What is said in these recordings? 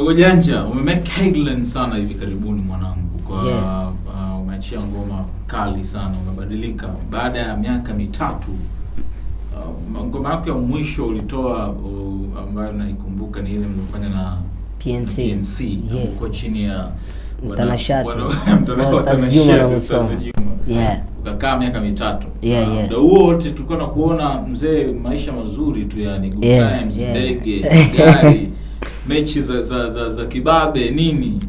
Dogo Janja, umemake headline sana hivi karibuni mwanangu, kwa yeah. Uh, umeachia ngoma kali sana, umebadilika baada ya miaka mitatu. Uh, ngoma yako ya mwisho ulitoa uh, ambayo naikumbuka ni ile mliofanya na PNC, PNC yeah. Kwa chini ya Mtanashati Ukakaa miaka mitatu. Yeah, yeah. Muda huo wote tulikuwa na kuona mzee maisha mazuri tu yani, good yeah, times, ndege, yeah. gari mechi za za, za, za kibabe nini,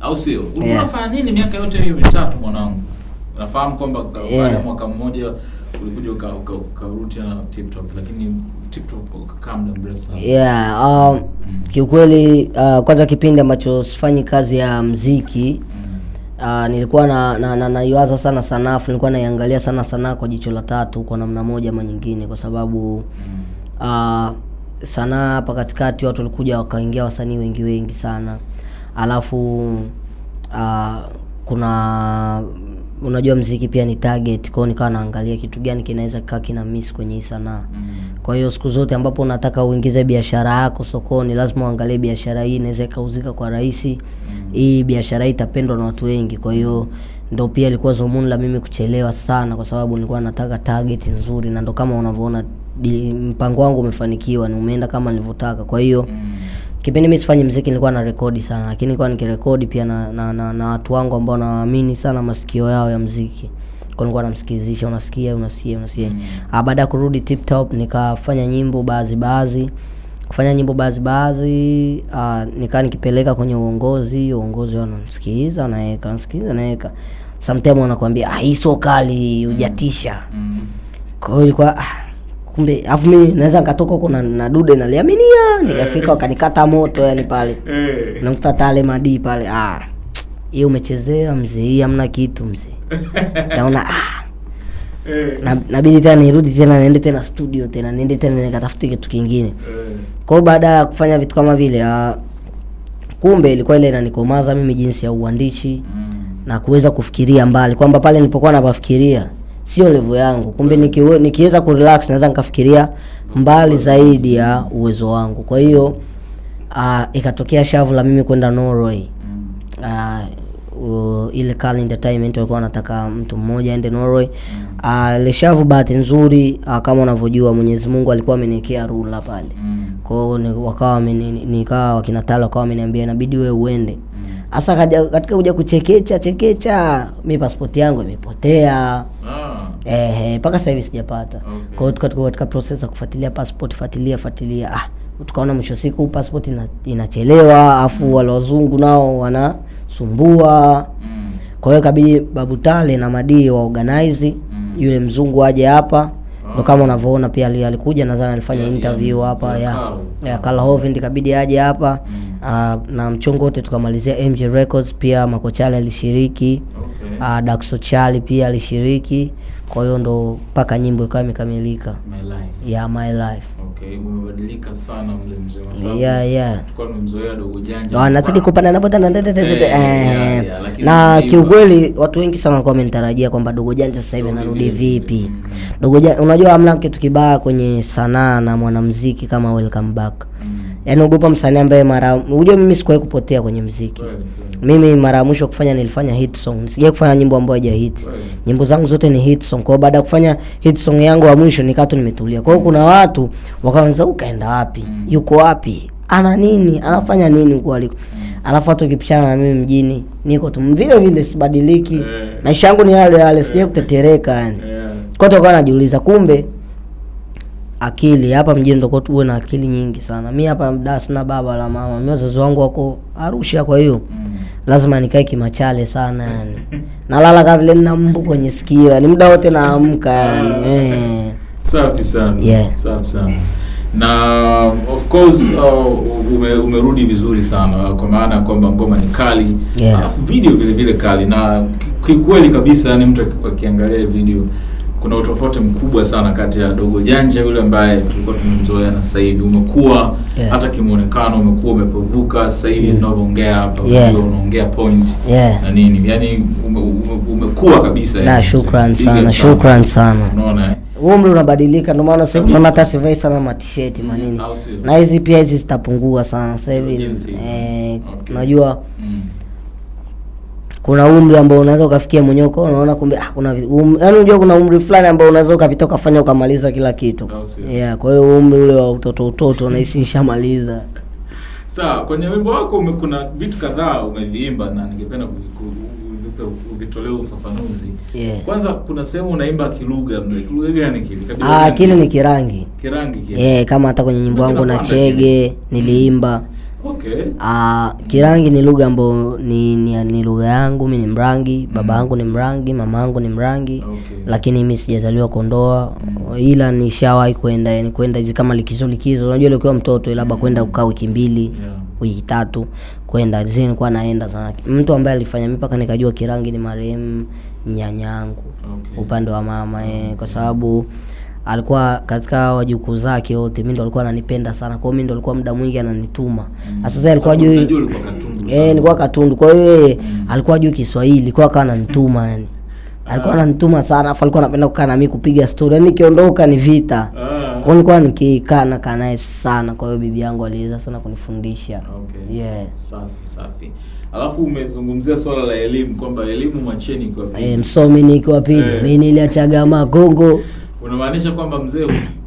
au sio? Ulikuwa yeah. unafanya nini miaka yote hiyo mitatu mwanangu? Nafahamu kwamba baada yeah. ya mwaka mmoja ulikuja uka, uka na TikTok lakini TikTok Top ukakaa muda mrefu sana. Yeah, um, mm. kiukweli uh, kwanza kipindi ambacho sifanyi kazi ya mziki mm. Uh, nilikuwa na, na, na, naiwaza sana sanaa nilikuwa naiangalia sana sanaa kwa jicho la tatu kwa namna moja ama nyingine, kwa sababu mm. uh, sanaa hapa katikati watu walikuja wakaingia wasanii wengi wengi sana, alafu uh, kuna unajua mziki pia ni target kwao, nikawa naangalia kitu gani kinaweza kikaa kina miss kwenye hii sanaa mm. Kwa hiyo siku zote ambapo unataka uingize biashara yako sokoni, lazima uangalie biashara hii inaweza ikauzika kwa rahisi mm. Hii biashara hii itapendwa na watu wengi, kwa hiyo ndo pia ilikuwa zomuni la mimi kuchelewa sana, kwa sababu nilikuwa nataka target nzuri, na ndo kama unavyoona mpango wangu umefanikiwa ni umeenda kama nilivyotaka. Kwa hiyo mm. kipindi mimi sifanye mziki nilikuwa na rekodi sana, lakini nilikuwa nikirekodi pia na na, na, na watu wangu ambao naamini sana masikio yao ya mziki kwa nilikuwa namsikizisha, unasikia unasikia unasikia mm. ah, baada ya kurudi Tip Top nikafanya nyimbo baadhi baadhi kufanya nyimbo baadhi baadhi, uh, nikaa nikipeleka kwenye uongozi, uongozi wanamsikiliza, anaweka anasikiza, anaweka sometime wanakuambia ah, hii so kali hujatisha. mm. mm. kwa hiyo ilikuwa ah, kumbe avumi naweza nikatoka huko na, na dude naliaminia eh. nikafika wakanikata moto yani pale eh. namkuta tale madi pale ah hii umechezea mzee hii hamna kitu mzee naona ah eh. na, nabidi tena nirudi tena niende tena studio tena niende tena nikatafute kitu kingine kwa hiyo baada ya kufanya vitu kama vile ah, kumbe ilikuwa ile inanikomaza mimi jinsi ya uandishi mm. na kuweza kufikiria mbali kwamba pale nilipokuwa napafikiria sio level yangu. Kumbe nikiweza nikiweza kurelax naweza nikafikiria mbali zaidi ya uwezo wangu. Kwa hiyo uh, ikatokea shavu la mimi kwenda Norway. Uh, uh, ile Carl Entertainment walikuwa wanataka mtu mmoja aende Norway. Uh, ile shavu bahati nzuri uh, kama unavyojua Mwenyezi Mungu alikuwa ameniwekea rula pale. Kwa hiyo wakawa nikawa wakina Tala wakawa wameniambia inabidi wewe uende. Hasa katika kuja kuchekecha chekecha, mi pasipoti yangu imepotea. Ah eh, mpaka sasa hivi sijapata. Okay. Kwa hiyo tukatoka katika process ya kufuatilia passport, fuatilia fuatilia, ah tukaona mwisho siku passport ina, inachelewa afu mm. wale wazungu nao wanasumbua mm. kwa hiyo kabidi Babu Tale na Madii wa organize mm. yule mzungu aje hapa ndo kama oh. unavyoona pia alikuja, nadhani alifanya yeah, interview hapa yeah, ya ya Kalahovind kabidi aje hapa mm. uh, na mchongo wote tukamalizia MJ Records, pia Makochale alishiriki okay. uh, Daxo Chali pia alishiriki kwa hiyo ndo mpaka nyimbo ikawa imekamilika. ya my life. anazidi kupanda na na kiukweli watu wengi sana walikuwa wamenitarajia kwamba dogo janja sasa hivi anarudi vipi. Mm. Dogo janja, unajua amna kitu kibaya kwenye sanaa na mwanamuziki kama welcome back. Mm yani ogopa msanii ambaye mara unajua mimi sikuwahi kupotea kwenye mziki well, well. mimi mara ya mwisho kufanya nilifanya hit song sijai kufanya nyimbo ambayo haija hit nyimbo zangu zote ni hit song kwao baada ya kufanya hit song yangu ya mwisho nikaa tu nimetulia kwa hiyo kuna watu wakaanza ukaenda wapi mm. yuko wapi ana nini anafanya nini huko aliko mm. alafu watu ukipishana na mimi mjini niko tu vile vile sibadiliki yeah. maisha yangu ni yale yale eh. sijai kutetereka yani yeah. kote wakawa najiuliza kumbe akili hapa mjini ndoko tuwe na akili nyingi sana. Mi hapa da sina baba la mama, mi wazazi wangu wako Arusha, kwa hiyo mm. lazima nikae kimachale sana yani nalala kama vile nina mbu kwenye sikio yani muda wote naamka yani ah, eh. Safi sana yeah. Safi sana na of course uh, ume, umerudi vizuri sana kwa maana ya kwamba ngoma ni kali alafu yeah. video vile vile kali na kikweli kabisa, yani mtu akiangalia video kuna utofauti mkubwa sana kati ya dogo janja yule ambaye tulikuwa tumemzoea na sasa hivi umekuwa yeah. hata kimuonekano umekuwa umepevuka sasa hivi tunavyoongea mm. hapa yeah. unaongea point yeah. na nini yani ume, ume, umekuwa kabisa na shukrani sana shukrani sana unaona umri unabadilika, ndio maana sasa unaona hata sivai sana ma t-shirt mm, manini, na hizi pia hizi zitapungua sana sasa hivi eh, okay. unajua mm kuna umri ambao unaweza ukafikia mwenyewe uko unaona kumbe ah, kuna um, yaani unajua kuna umri fulani ambao unaweza ukapita ukafanya ukamaliza kila kitu. no, Yeah, kwa hiyo umri ule wa utoto utoto nahisi nishamaliza. Sawa, kwenye wimbo wako kuna vitu kadhaa umeviimba na ningependa uvitolee ufafanuzi. Yeah. Kwanza kuna sehemu unaimba kilugha mle. Kilugha gani kile? Kabila. Ah, kile ni kirangi. Kirangi kile. Eh, yeah, kama hata kwenye nyimbo yangu na Chege niliimba. Mm. Okay. Ah, Kirangi ni lugha ambayo ni, ni, ni lugha yangu, mimi ni Mrangi, mm-hmm. baba yangu ni Mrangi, mama yangu ni Mrangi. Okay. Lakini mimi sijazaliwa Kondoa mm. ila nishawahi kwenda, yani kwenda hizi kama likizo likizo. Unajua ukiwa mtoto labda mm. kwenda kukaa wiki mbili, yeah. wiki tatu kwenda zile nilikuwa naenda sana. Mtu ambaye alifanya mimi mpaka nikajua Kirangi ni marehemu nyanya Okay. Upande wa mama eh, kwa mm-hmm. sababu alikuwa katika wajukuu zake wote, mimi ndo alikuwa ananipenda sana, kwa hiyo mimi ndo alikuwa muda mwingi ananituma. Mm. Sasa yeye alikuwa juu eh, nilikuwa Katundu, kwa hiyo yeye mm. alikuwa juu Kiswahili, kwa kana nituma yani ah. alikuwa ananituma sana, afa alikuwa anapenda kukaa na mimi kupiga story, yani nikiondoka ni vita. Ah. Kwa hiyo nilikuwa nikikaa na kana naye sana, kwa hiyo bibi yangu aliweza sana kunifundisha. Okay. Yeah. Safi safi. Alafu umezungumzia swala la elimu kwamba elimu macheni kwa pili. Eh, msomi ni kwa pili. Eh. Mimi niliachaga magongo Unamaanisha kwamba mzee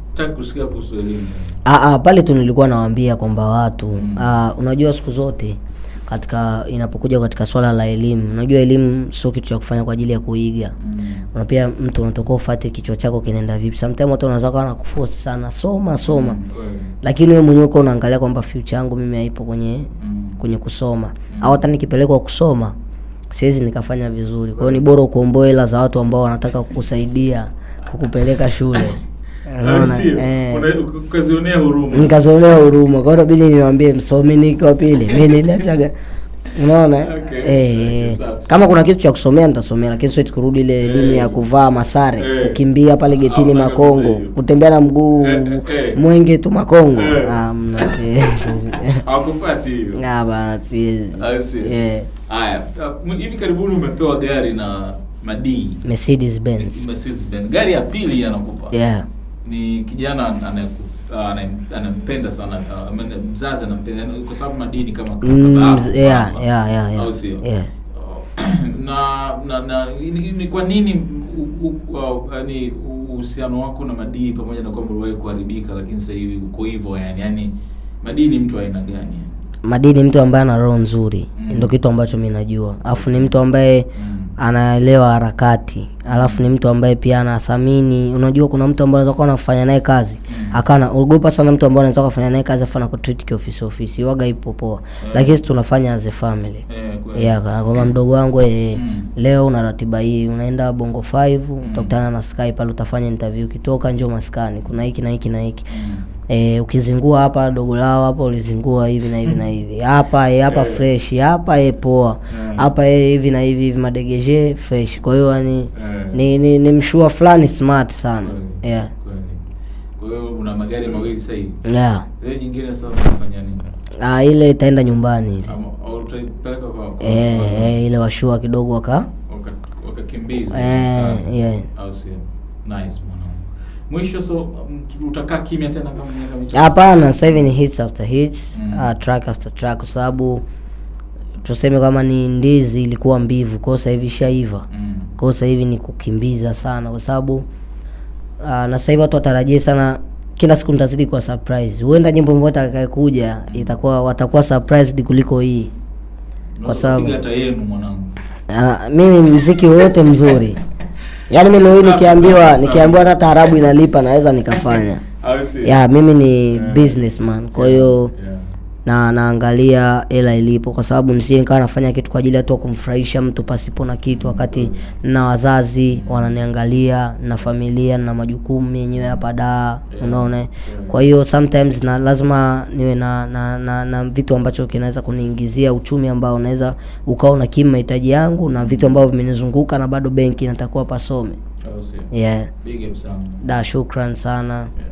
hutaki kusikia kuhusu elimu? Ah, ah, pale tu nilikuwa nawaambia kwamba watu mm. ah, unajua siku zote katika inapokuja katika swala la elimu, unajua elimu sio kitu cha kufanya kwa ajili ya kuiga mm. una pia mtu unatoka ufuate kichwa chako kinaenda vipi. Sometimes watu wanaweza kuwa na kuforce sana, soma soma mm. lakini wewe mwenyewe uko unaangalia kwamba future yangu mimi haipo kwenye mm. kwenye kusoma mm. au hata nikipelekwa kusoma siwezi nikafanya vizuri. Kwa hiyo ni bora ukomboe hela za watu ambao wanataka kukusaidia kukupeleka shule eh. ukazionea huruma, nikazionea huruma. Kwa hiyo inabidi niwaambie msomi niko pili mimi niliachaga Unaona? Okay. Eh, kama kuna kitu cha kusomea nitasomea, lakini sio kurudi ile eh. elimu hey, ya kuvaa masare hey, eh. kukimbia pale ah, getini Makongo, kutembea na mguu hey, hey, mwenge tu Makongo hey. Um, hakupati hiyo ah, bana, siwezi. Haya, hivi karibuni umepewa gari na Madi. Mercedes Benz. Mercedes Benz. Gari ya pili anakupa. Yeah. Ni kijana anampenda sana, mzazi anampenda kwa sababu Madi ni kama mm, baba. Yeah, yeah, yeah. yeah. Au sio? Yeah. Na na, na ni ni kwa nini yaani uhusiano wako na Madi pamoja na kwamba uliwahi kuharibika lakini sasa hivi uko hivyo yani, yani Madi ni mtu aina gani? Madi ni mtu ambaye ana roho nzuri. Mm. Ndio kitu ambacho mimi najua. Alafu ni mtu ambaye mm anaelewa harakati, alafu ni mtu ambaye pia anathamini. Unajua, kuna mtu ambaye anaweza kuwa anafanya naye kazi mm. akana anaogopa sana mtu ambaye anaweza kufanya naye kazi afana treat kwa office office waga ipo poa, eh. lakini sisi tunafanya as a family eh, yeah, kwa kama mdogo wangu eh, eh mm. leo una ratiba hii, unaenda Bongo 5 mm. utakutana na Sky pale, utafanya interview, kitoka njoo maskani, kuna hiki na hiki na hiki e, ukizingua hapa dogo lao hapa ulizingua hivi na hivi na hivi hapa e, hapa eh. fresh hapa e, poa hapa e, hivi na hivi hivi madegeje fresh. Kwa hiyo ni, yani ni, ni, ni mshua fulani smart sana yeah. hiyo una magari mawili sasa hivi yeah. Ile nyingine sasa unafanya nini? Ah, ile itaenda nyumbani ile. Eh, eh, ile washua kidogo waka wakakimbiza. Eh, yeah. Au sio? Nice man mwisho, so um, utakaa kimya tena kama miaka mitatu? Hapana, sasa hivi ni hits after hits, mm. uh, track after track, kwa sababu tuseme kama ni ndizi ilikuwa mbivu, kwa sasa hivi shaiva mm. kwa sasa hivi ni kukimbiza sana, kwa sababu uh, na sasa hivi watu watarajie sana kila siku nitazidi kwa surprise. Huenda nyimbo moja atakayekuja kuja mm. itakuwa watakuwa surprised kuliko hii, kwa sababu hata yenu mwanangu, ah, mimi mziki wote mzuri Yaani mimi leo nikiambiwa nikiambiwa hata taarabu inalipa naweza nikafanya. ya mimi ni yeah. businessman. Kwa hiyo yeah na naangalia hela ilipo, kwa sababu nisije nikawa nafanya kitu kwa ajili ya tu kumfurahisha mtu pasipo na kitu, wakati na wazazi wananiangalia na familia na majukumu yenyewe hapa da unaona. Kwa hiyo sometimes na lazima niwe na, na, na, na vitu ambacho kinaweza kuniingizia uchumi ambao unaweza ukawa unakimu mahitaji yangu na vitu ambavyo vimenizunguka, na bado benki natakuwa pasome. Yeah. Da, shukran sana.